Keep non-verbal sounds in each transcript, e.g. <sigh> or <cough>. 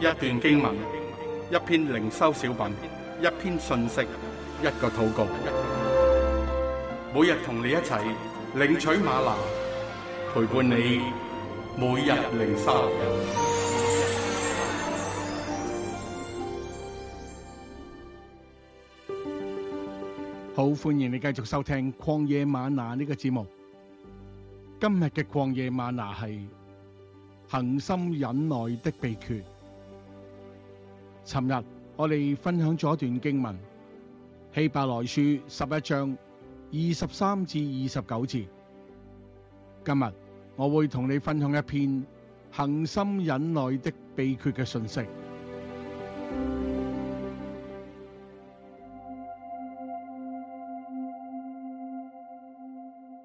一段經文，一篇靈修小品，一篇信息，一個禱告。每日同你一齊領取嗎哪，陪伴你每日靈修。好，歡迎你繼續收聽《曠野嗎哪》呢、這個節目。今日嘅曠野嗎哪係恆心忍耐的秘訣。尋日我哋分享咗一段經文《希伯來書》十一章二十三至二十九節。今日我會同你分享一篇恒心忍耐的秘訣嘅信息。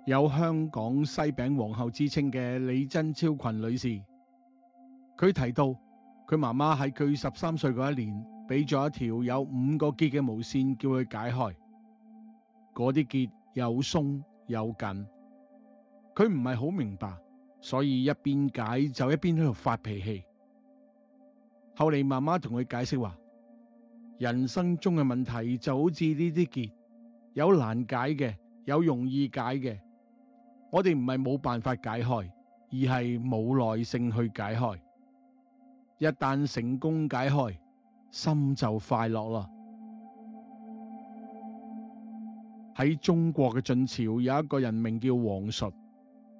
有香港西餅皇后之稱嘅李珍超群女士，佢提到。佢媽媽喺佢十三歲嗰一年，俾咗一條有五個結嘅毛線，叫佢解開。嗰啲結有鬆有緊，佢唔係好明白，所以一邊解就一邊喺度發脾氣。後嚟媽媽同佢解釋話：人生中嘅問題就好似呢啲結，有難解嘅，有容易解嘅。我哋唔係冇辦法解開，而係冇耐性去解開。一旦成功解開，心就快樂啦。喺中國嘅晉朝，有一個人名叫王述，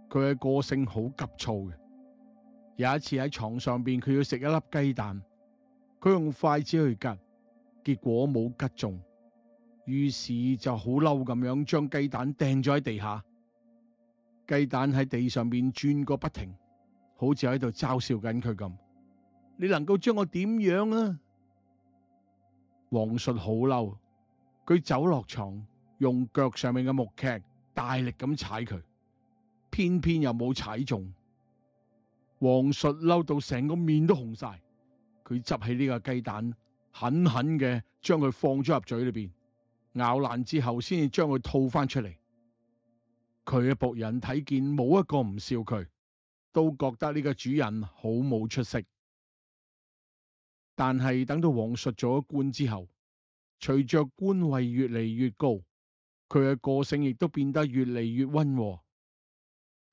佢嘅個性好急躁嘅。有一次喺床上邊，佢要食一粒雞蛋，佢用筷子去拮，結果冇拮中，於是就好嬲咁樣將雞蛋掟咗喺地下。雞蛋喺地上邊轉個不停，好似喺度嘲笑緊佢咁。你能夠將我點樣啊？王述好嬲，佢走落床，用腳上面嘅木屐大力咁踩佢，偏偏又冇踩中。王述嬲到成個面都紅晒，佢執起呢個雞蛋，狠狠嘅將佢放咗入嘴裏邊，咬爛之後將，先至將佢吐翻出嚟。佢嘅僕人睇見冇一個唔笑佢，都覺得呢個主人好冇出息。但係等到王術做咗官之後，隨着官位越嚟越高，佢嘅個性亦都變得越嚟越温和。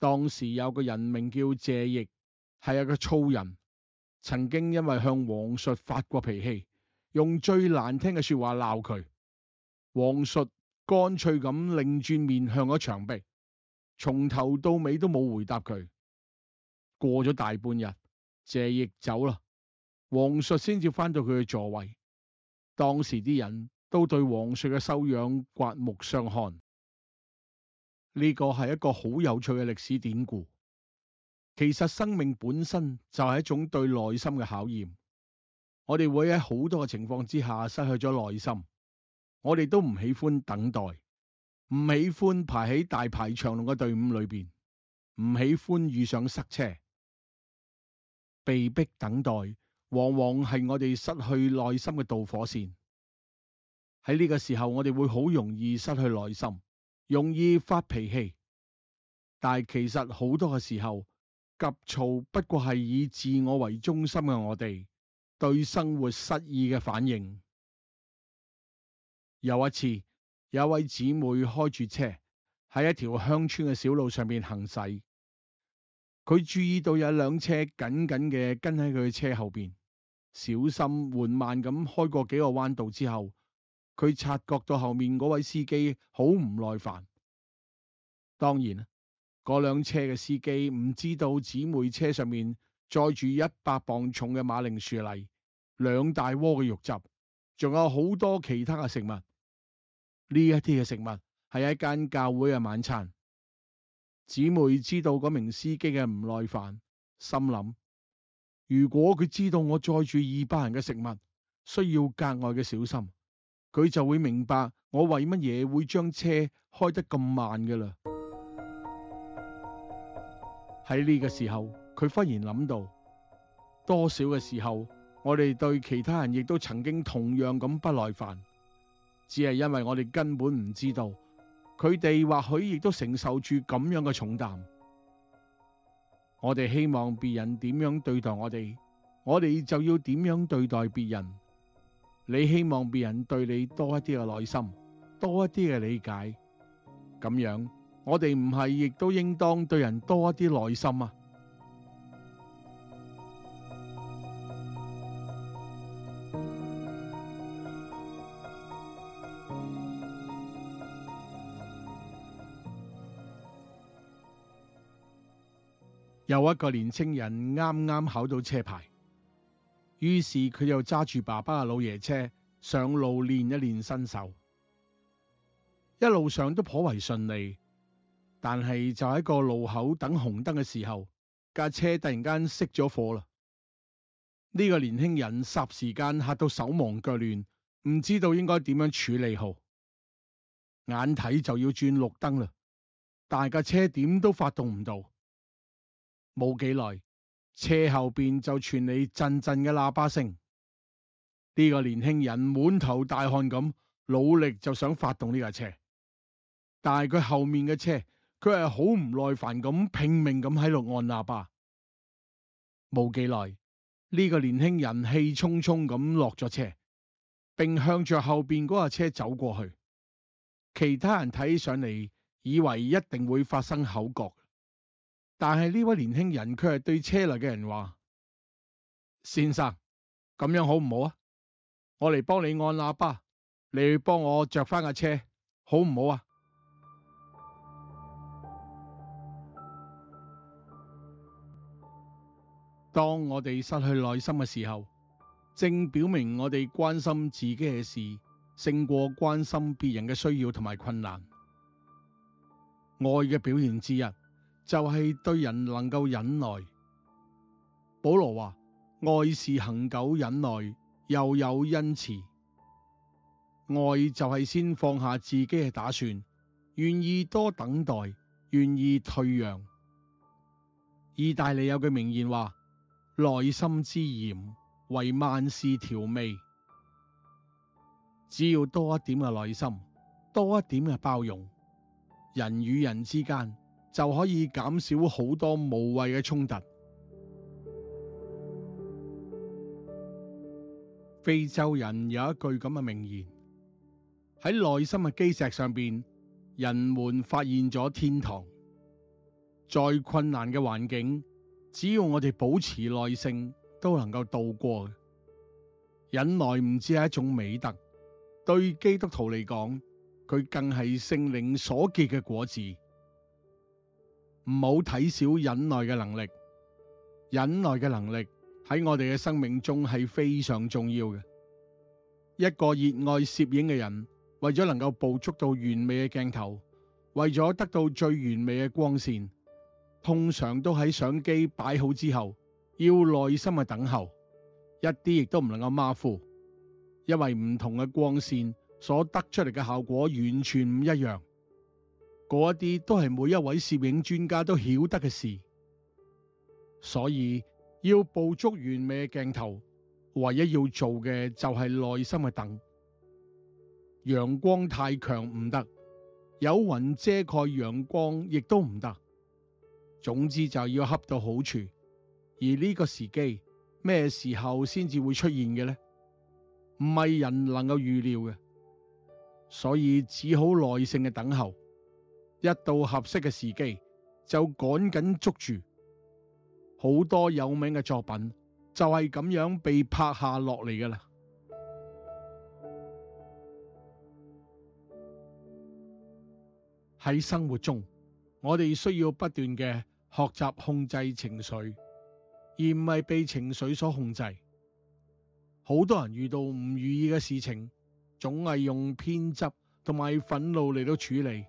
當時有個人名叫謝奕，係一個粗人，曾經因為向王術發過脾氣，用最難聽嘅說話鬧佢。王術乾脆咁擰轉面向咗牆壁，從頭到尾都冇回答佢。過咗大半日，謝奕走啦。黃術先至返到佢嘅座位。當時啲人都對黃術嘅修養刮目相看。呢、這個係一個好有趣嘅歷史典故。其實生命本身就係一種對內心嘅考驗。我哋會喺好多嘅情況之下失去咗耐心，我哋都唔喜歡等待，唔喜歡排喺大排長龍嘅隊伍裏邊，唔喜歡遇上塞車，被迫等待。往往係我哋失去內心嘅導火線。喺呢個時候，我哋會好容易失去耐心，容易發脾氣。但係其實好多嘅時候，急躁不過係以自我為中心嘅我哋對生活失意嘅反應。有一次，有位姊妹開住車喺一條鄉村嘅小路上面行駛，佢注意到有一輛車緊緊嘅跟喺佢嘅車後邊。小心緩慢咁開過幾個彎道之後，佢察覺到後面嗰位司機好唔耐煩。當然啦，嗰輛車嘅司機唔知道姊妹車上面載住一百磅重嘅馬鈴薯泥、兩大鍋嘅肉汁，仲有好多其他嘅食物。呢一啲嘅食物係一間教會嘅晚餐。姊妹知道嗰名司機嘅唔耐煩，心諗。如果佢知道我載住二百人嘅食物，需要格外嘅小心，佢就會明白我為乜嘢會將車開得咁慢㗎喇。喺呢個時候，佢忽然諗到，多少嘅時候，我哋對其他人亦都曾經同樣咁不耐煩，只係因為我哋根本唔知道，佢哋或許亦都承受住咁樣嘅重擔。我哋希望別人點樣對待我哋，我哋就要點樣對待別人。你希望別人對你多一啲嘅耐心，多一啲嘅理解，咁樣我哋唔係亦都應當對人多一啲耐心啊。有一個年青人啱啱考到車牌，於是佢又揸住爸爸嘅老爺車上路練一練新手。一路上都頗為順利，但係就喺個路口等紅燈嘅時候，架車突然間熄咗火啦！呢個年輕人霎時間嚇到手忙腳亂，唔知道應該點樣處理好，眼睇，就要轉綠燈啦，但架車點都發動唔到。冇幾耐，車後邊就傳嚟陣陣嘅喇叭聲。呢個年輕人滿頭大汗咁，努力就想發動呢架車，但係佢後面嘅車，佢係好唔耐煩咁拼命咁喺度按喇叭。冇幾耐，呢個年輕人氣沖沖咁落咗車，並向著後邊嗰架車走過去。其他人睇起上嚟，以為一定會發生口角。但係呢位年輕人，卻係對車內嘅人話：先生，咁樣好唔好啊？我嚟幫你按喇叭，你去幫我着翻架車，好唔好啊？ <music> 當我哋失去內心嘅時候，正表明我哋關心自己嘅事，勝過關心別人嘅需要同埋困難。愛嘅表現之一。就係對人能夠忍耐。保羅話：愛是恒久忍耐，又有恩慈。愛就係先放下自己嘅打算，願意多等待，願意退讓。意大利有句名言話：內心之鹽為萬事調味。只要多一點嘅耐心，多一點嘅包容，人與人之間。就可以減少好多無謂嘅衝突。非洲人有一句咁嘅名言：喺內心嘅基石上邊，人們發現咗天堂。再困難嘅環境，只要我哋保持耐性，都能夠度過嘅。忍耐唔止係一種美德，對基督徒嚟講，佢更係聖靈所結嘅果子。唔好睇少忍耐嘅能力，忍耐嘅能力喺我哋嘅生命中係非常重要嘅。一個熱愛攝影嘅人，為咗能夠捕捉到完美嘅鏡頭，為咗得到最完美嘅光線，通常都喺相機擺好之後，要耐心去等候，一啲亦都唔能夠馬虎，因為唔同嘅光線所得出嚟嘅效果完全唔一樣。嗰一啲都係每一位攝影專家都曉得嘅事，所以要捕捉完美嘅鏡頭，唯一要做嘅就係耐心去等。陽光太強唔得，有雲遮蓋陽光亦都唔得。總之就要恰到好處。而呢個時機，咩時候先至會出現嘅呢？唔係人能夠預料嘅，所以只好耐性嘅等候。一到合適嘅時機，就趕緊捉住。好多有名嘅作品，就係咁樣被拍下落嚟噶啦。喺 <music> 生活中，我哋需要不斷嘅學習控制情緒，而唔係被情緒所控制。好多人遇到唔如意嘅事情，總係用偏執同埋憤怒嚟到處理。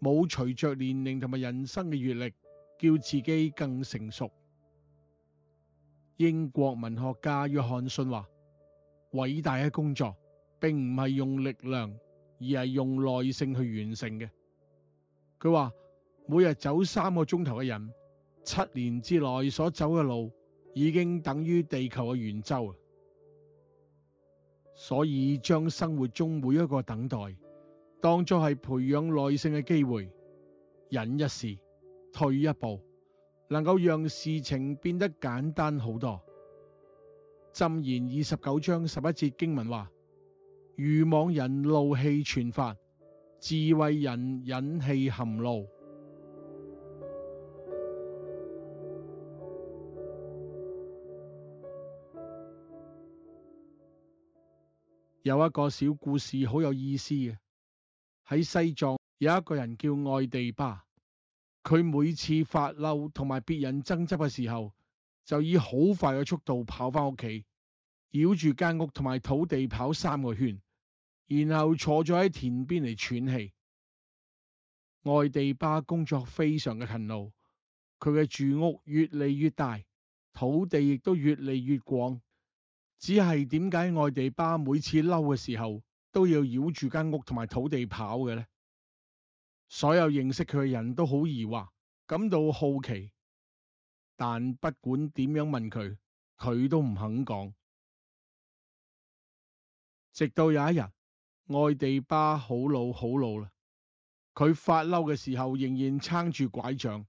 冇隨着年齡同埋人生嘅閱歷，叫自己更成熟。英國文學家約翰遜話：偉大嘅工作，並唔係用力量，而係用耐性去完成嘅。佢話：每日走三個鐘頭嘅人，七年之內所走嘅路，已經等於地球嘅圓周啊！所以將生活中每一個等待。當作係培養耐性嘅機會，忍一時，退一步，能夠讓事情變得簡單好多。箴言二十九章十一節經文話：愚妄人怒氣全發，智慧人忍氣含怒。有一個小故事，好有意思嘅。喺西藏有一個人叫愛地巴，佢每次發嬲同埋別人爭執嘅時候，就以好快嘅速度跑翻屋企，繞住間屋同埋土地跑三個圈，然後坐咗喺田邊嚟喘氣。愛地巴工作非常嘅勤勞，佢嘅住屋越嚟越大，土地亦都越嚟越廣，只係點解愛地巴每次嬲嘅時候？都要繞住間屋同埋土地跑嘅咧，所有認識佢嘅人都好疑惑，感到好奇。但不管點樣問佢，佢都唔肯講。直到有一日，愛地巴好老好老啦，佢發嬲嘅時候仍然撐住拐杖，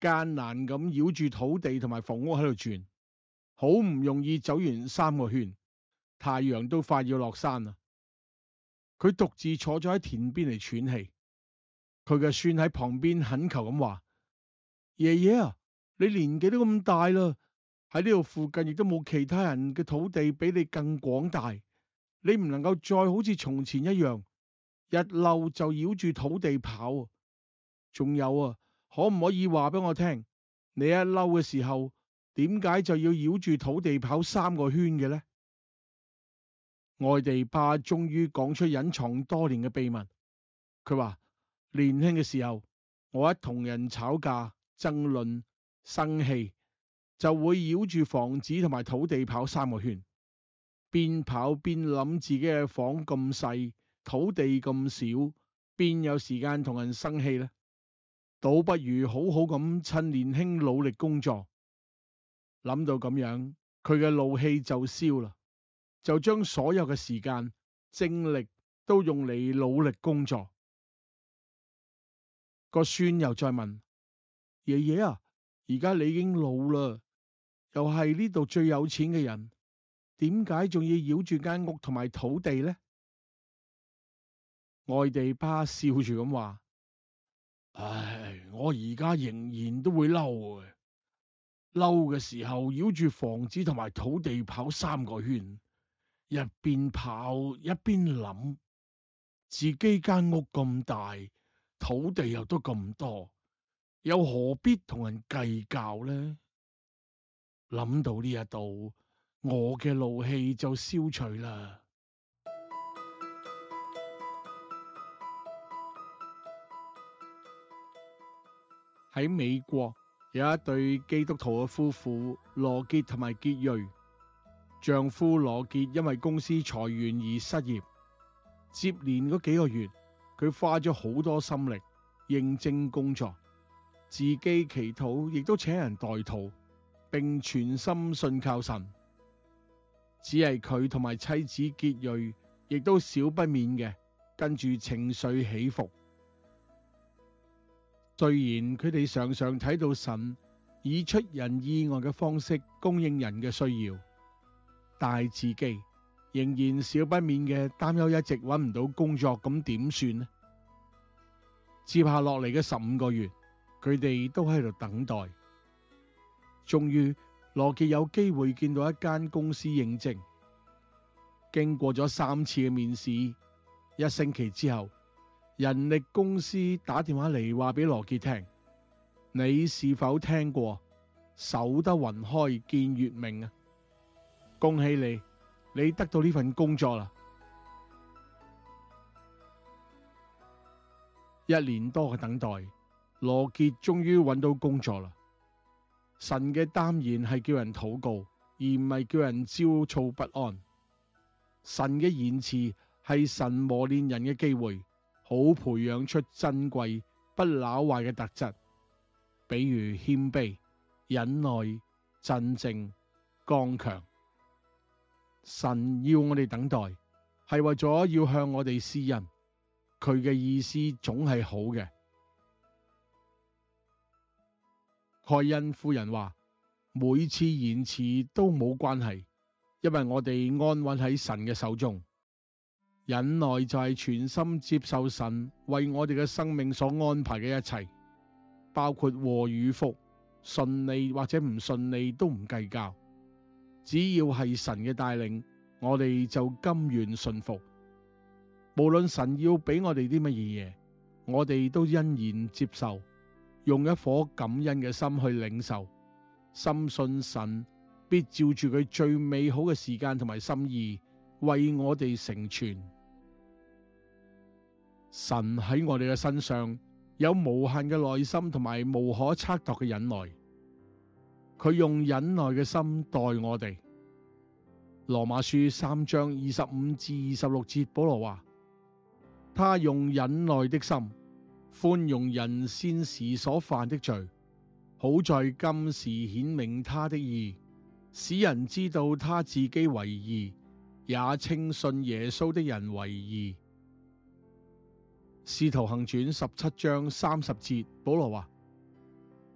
艱難咁繞住土地同埋房屋喺度轉，好唔容易走完三個圈，太陽都快要落山啦。佢獨自坐咗喺田邊嚟喘氣，佢嘅孫喺旁邊懇求咁話：爺爺啊，你年紀都咁大啦，喺呢度附近亦都冇其他人嘅土地比你更廣大，你唔能夠再好似從前一樣，一嬲就繞住土地跑。仲有啊，可唔可以話俾我聽，你一嬲嘅時候，點解就要繞住土地跑三個圈嘅咧？外地爸終於講出隱藏多年嘅秘密。佢話：年輕嘅時候，我一同人吵架、爭論、生氣，就會繞住房子同埋土地跑三個圈，邊跑邊諗自己嘅房咁細，土地咁少，邊有時間同人生氣呢？倒不如好好咁趁年輕努力工作。諗到咁樣，佢嘅怒氣就消啦。就將所有嘅時間、精力都用嚟努力工作。個孫又再問：「爺爺啊，而家你已經老啦，又係呢度最有錢嘅人，點解仲要繞住間屋同埋土地呢？」外地爸笑住咁話：「唉，我而家仍然都會嬲嘅，嬲嘅時候繞住房子同埋土地跑三個圈。」一邊跑一邊諗，自己間屋咁大，土地又都咁多，又何必同人計較呢？諗到呢一度，我嘅怒氣就消除啦。喺 <music> 美國有一對基督徒嘅夫婦羅杰同埋杰瑞。丈夫羅杰因為公司裁員而失業，接連嗰幾個月，佢花咗好多心力認證工作，自己祈禱，亦都請人代禱，並全心信靠神。只係佢同埋妻子杰瑞，亦都少不免嘅跟住情緒起伏。雖然佢哋常常睇到神以出人意外嘅方式供應人嘅需要。大自己仍然少不免嘅擔憂，一直搵唔到工作，咁點算呢？接下落嚟嘅十五個月，佢哋都喺度等待。終於，羅杰有機會見到一間公司應徵。經過咗三次嘅面試，一星期之後，人力公司打電話嚟話俾羅杰聽：你是否聽過守得雲開見月明啊？恭喜你，你得到呢份工作啦！一年多嘅等待，羅杰終於揾到工作啦。神嘅耽延係叫人禱告，而唔係叫人焦躁不安。神嘅延遲係神磨練人嘅機會，好培養出珍貴不朽壞嘅特質，比如謙卑、忍耐、鎮靜、剛強。神要我哋等待，係為咗要向我哋施恩。佢嘅意思總係好嘅。蓋恩夫人話：每次延遲都冇關係，因為我哋安穩喺神嘅手中。忍耐就係全心接受神為我哋嘅生命所安排嘅一切，包括禍與福，順利或者唔順利都唔計較。只要係神嘅帶領，我哋就甘願信服。無論神要俾我哋啲乜嘢嘢，我哋都欣然接受，用一顆感恩嘅心去領受。深信神必照住佢最美好嘅時間同埋心意，為我哋成全。神喺我哋嘅身上有無限嘅耐心同埋無可測度嘅忍耐。佢用忍耐嘅心待我哋。羅馬書三章二十五至二十六節，保羅話：他用忍耐的心寬容人先時所犯的罪，好在今時顯明他的義，使人知道他自己為義，也稱信耶穌的人為義。使徒行傳十七章三十節，保羅話。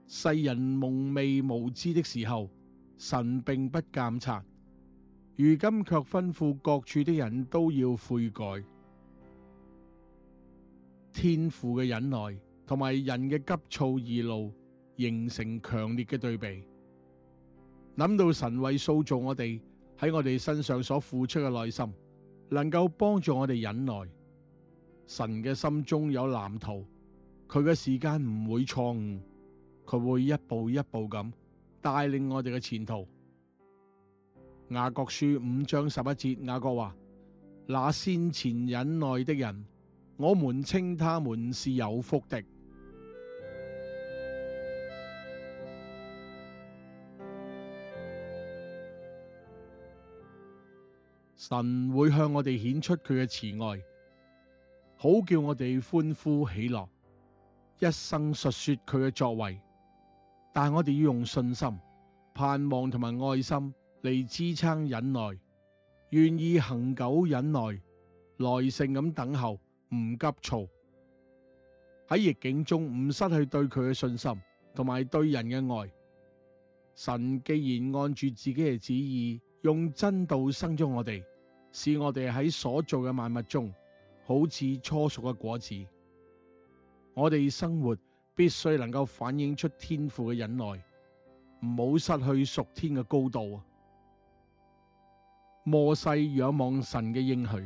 世人蒙昧無知的時候，神並不監察；如今卻吩咐各處的人都要悔改。天父嘅忍耐同埋人嘅急躁易怒形成強烈嘅對比。諗到神為塑造我哋喺我哋身上所付出嘅耐心，能夠幫助我哋忍耐。神嘅心中有藍圖，佢嘅時間唔會錯誤。佢會一步一步咁帶領我哋嘅前途。雅各書五章十一節，雅各話：那先前忍耐的人，我們稱他們是有福的。神會向我哋顯出佢嘅慈愛，好叫我哋歡呼喜樂，一生述說佢嘅作為。但我哋要用信心、盼望同埋愛心嚟支撐忍耐，願意恆久忍耐，耐性咁等候，唔急躁。喺逆境中唔失去對佢嘅信心同埋對人嘅愛。神既然按住自己嘅旨意，用真道生咗我哋，使我哋喺所造嘅萬物中，好似初熟嘅果子。我哋生活，必須能夠反映出天父嘅忍耐，唔好失去屬天嘅高度啊！摩西仰望神嘅應許，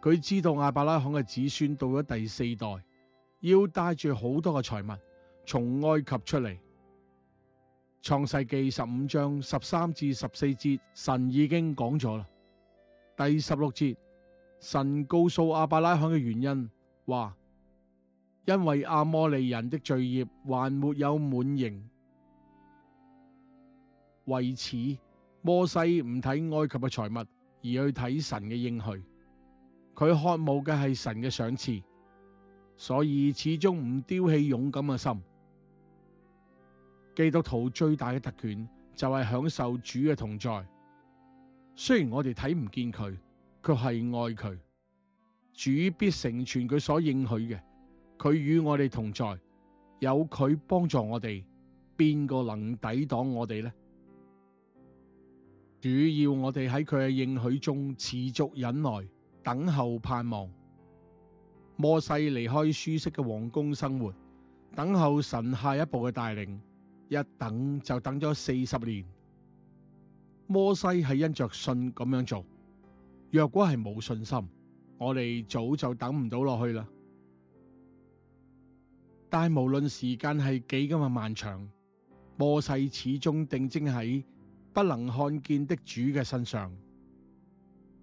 佢知道亞伯拉罕嘅子孫到咗第四代，要帶住好多嘅財物從埃及出嚟。創世記十五章十三至十四節，神已經講咗啦。第十六節，神告訴亞伯拉罕嘅原因話。因為阿摩利人的罪孽還沒有滿盈，為此摩西唔睇埃及嘅財物，而去睇神嘅應許。佢渴慕嘅係神嘅賞賜，所以始終唔丟棄勇敢嘅心。基督徒最大嘅特權就係享受主嘅同在，雖然我哋睇唔見佢，卻係愛佢。主必成全佢所應許嘅。佢與我哋同在，有佢幫助我哋，邊個能抵擋我哋呢？主要我哋喺佢嘅應許中持續忍耐、等候、盼望。摩西離開舒適嘅王宮生活，等候神下一步嘅帶領，一等就等咗四十年。摩西係因着信咁樣做，若果係冇信心，我哋早就等唔到落去啦。但係無論時間係幾咁啊漫長，摩西始終定睛喺不能看見的主嘅身上，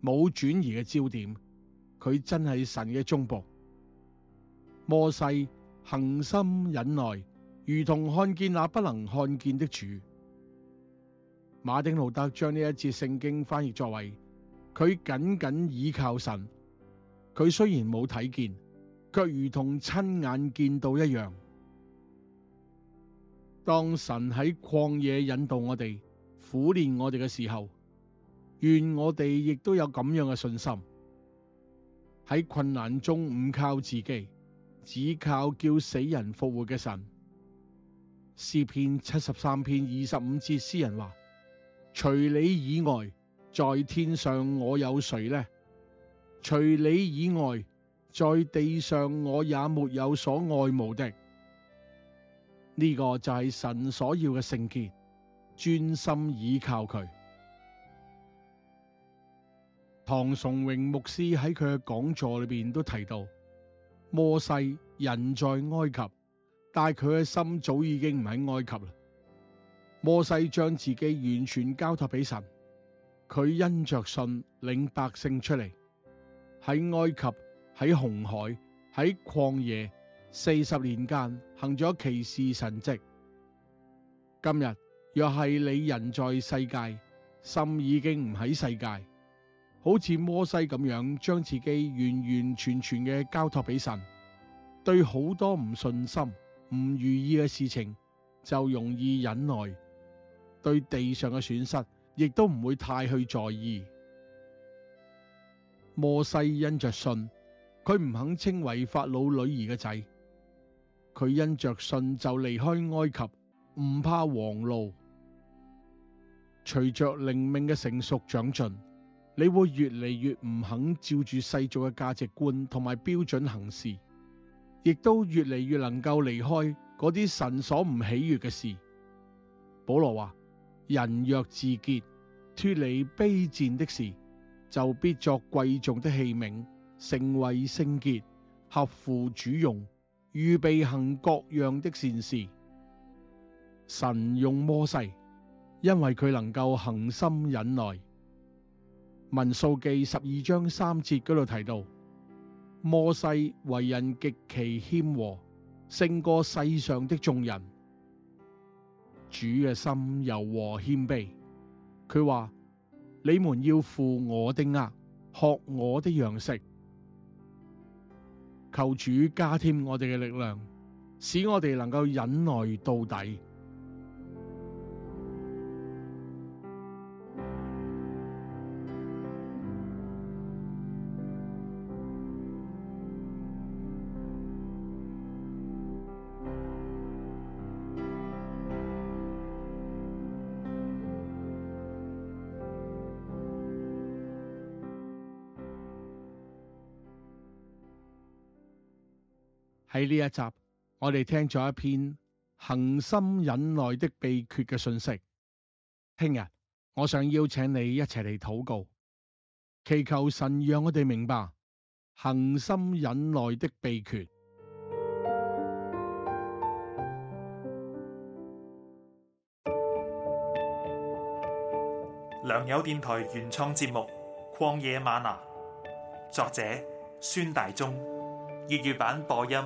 冇轉移嘅焦點。佢真係神嘅忠僕，摩西恆心忍耐，如同看見那不能看見的主。馬丁路德將呢一節聖經翻譯作為，佢緊緊倚靠神，佢雖然冇睇見。卻如同親眼見到一樣。當神喺曠野引導我哋、苦練我哋嘅時候，願我哋亦都有咁樣嘅信心，喺困難中唔靠自己，只靠叫死人復活嘅神。詩篇七十三篇二十五節詩人話，除你以外，在天上我有誰呢？除你以外。在地上我也沒有所愛慕的，呢個就係神所要嘅聖潔，專心倚靠佢。唐崇榮牧師喺佢嘅講座裏邊都提到，摩西人在埃及，但係佢嘅心早已經唔喺埃及啦。摩西將自己完全交託俾神，佢因着信領百姓出嚟喺埃及。喺紅海、喺曠野四十年間行咗奇事神蹟。今日若係你人在世界，心已經唔喺世界，好似摩西咁樣，將自己完完全全嘅交托俾神，對好多唔信心、唔如意嘅事情就容易忍耐，對地上嘅損失亦都唔會太去在意。摩西因着信。佢唔肯稱為法老女兒嘅仔，佢因着信就離開埃及，唔怕王怒。隨着靈命嘅成熟長進，你會越嚟越唔肯照住世俗嘅價值觀同埋標準行事，亦都越嚟越能夠離開嗰啲神所唔喜悅嘅事。保羅話：人若自潔，脫離卑賤的事，就必作貴重的器皿。成為聖潔，合乎主用，預備行各樣的善事。神用摩西，因為佢能夠恆心忍耐。民數記十二章三節嗰度提到，摩西為人極其謙和，勝過世上的眾人。主嘅心柔和謙卑，佢話：你們要負我的軛，學我的樣式。求主加添我哋嘅力量，使我哋能夠忍耐到底。呢一集我哋聽咗一篇恆心忍耐的秘訣嘅信息。聽日我想邀請你一齊嚟禱告，祈求神讓我哋明白恆心忍耐的秘訣。良友電台原創節目《曠野嗎哪》，作者孫大中，粵語版播音。